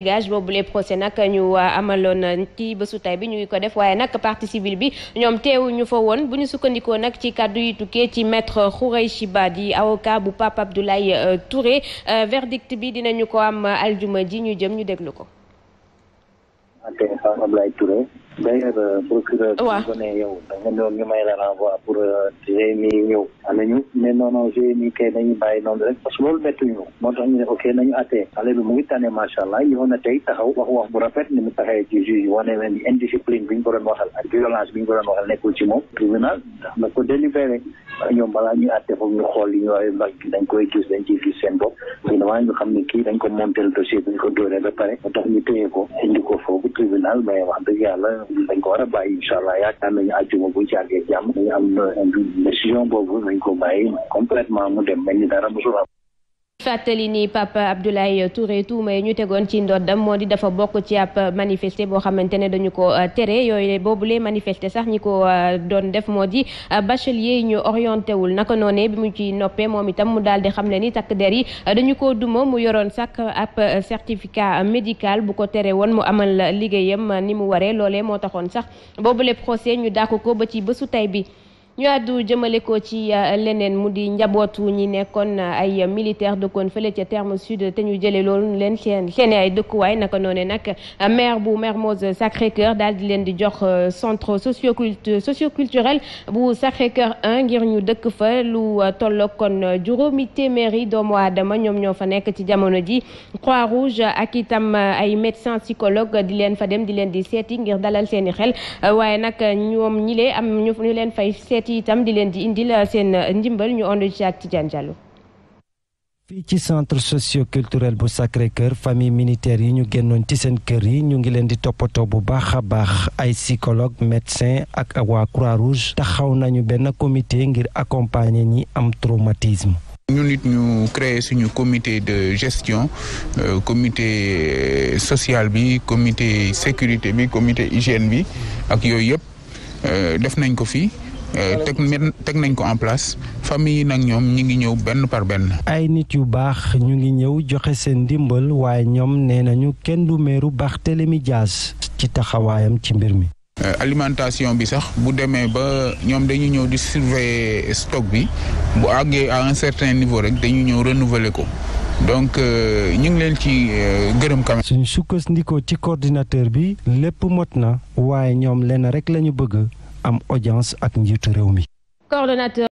gage boobu les procès nag ñu euh, amaloon euh, ci bésu tay bi ñu ngi ko def waaye nag parti civile bi ñoom teewu ñu fa woon bu ñu sukkandikoo nag ci kàddu yi tukkee ci maître Khoureychi Ba di avocat bu Pape Abdoulaye euh, Touré verdict bi dinañu ko am aljuma ji ñu jëm ñu déglu ko. d'ailleurs procureur waaw bu ne e yow e da nga doon ñu may la renvoi pour GMI ñëw ana ne non non kay dañuy bàyyi noonu rek parce loolu bettuñu moo tax ñu ne ok nañu attee xale na tey taxaw wax wax bu rafet ni mu taxawee ci juge wane leen ñu ko doon waxal ak violence bi nekkul ci moom tribunal na ko délibéré ñoom balaa ñuy atte foofu ñu xool li ñu waaye mbag dañ koy gis dañ ciy gis seen bopp finalement ñu xam ne kii dañ ko monté le dossier bi ñu ko dóoree ba pare moo tax ñu téye ko indi ko foofu tribunal mais wax dëgg yàlla dañ ko war a bàyyi incha allah yaakaar nañu àjjuma bu jàggee jàmm dañu am euh, décision boobu nañ ko bàyyi complètement mu dem mel ni dara mosul am fàttali ni Papa Abdoulaye Touré tuuma yi ñu tegoon ci ndoddam moo di dafa bokk ci ab manifester boo xamante ne dañu ko euh, tere yooyu boobule manifester sax ñi ko euh, doon def moo di euh, bachelier yi ñu orienté wul naka noone bi mu ci noppee moom itam mu daal di xam ne ni takk der yi dañu ko duma mu yoroon sax ab certificat médical bu ko tere woon mu amal liggéeyam ni mu waree loolee moo taxoon sax boobule procès ñu dàq ko ba ci bésu tey bi ñu àddu jëmale ko ci euh, leneen mu di njabootu ñi nekkoon euh, ay militaire dëkkoon fële ca terme sud te ñu jëlee loolu leen seen seeni ay dëkkuwaay naka noone nag euh, maire bu Mermoz Sacré-Cœur daal di leen di jox centre sociocult culturel bu Sacré-Cœur 1 ngir ñu dëkk fa lu tolloog kon juróomi téeméeri doomu aadama ñoom ñoo fa nekk ci jamono ji Croix-Rouge ak itam ay médecins psychologues di leen fa dem di leen di seeti ngir dalal seeni xel waaye nag ñoom ñ am leen fay seet ci itam di leen di indil uh, seen uh, ndimbal ñu ondu ci ak fii ci centre socioculturel bu sacré kër famille militaire yi ñu génnoon ci seen kër yi ñu ngi leen di toppatoo bu baax a baax ay psychologue médecin ak waa Croix-Rouge taxaw nañu benn comité ngir accompagner ñi am traumatisme ñu nit ñu créer suñu comité de gestion euh, comité euh, sociale bi comité sécurité bi comité hygiène bi ak yooyu yëpp euh, def nañ ko fii Euh, teg teg nañ ko en place famille yi nag ñoom ñu ngi ñëw benn par benn. ay nit yu baax ñu ngi ñëw joxe seen ndimbal waaye ñoom nee nañu kenn du meeru Barthélémy Dias ci taxawaayam ci mbir mi. Euh, alimentation bi sax bu demee ba ñoom dañu ñëw di surveiller stock bi bu àggee à un certain niveau rek dañu ñëw renouveler ko. donc euh, ñu ngi leen ci gërëm quand suñ suñu sukkandikoo ci coordinateur bi lépp mot na waaye ñoom lenn rek lañu bëgg am audience ak njiitu réew mi. coordonnateur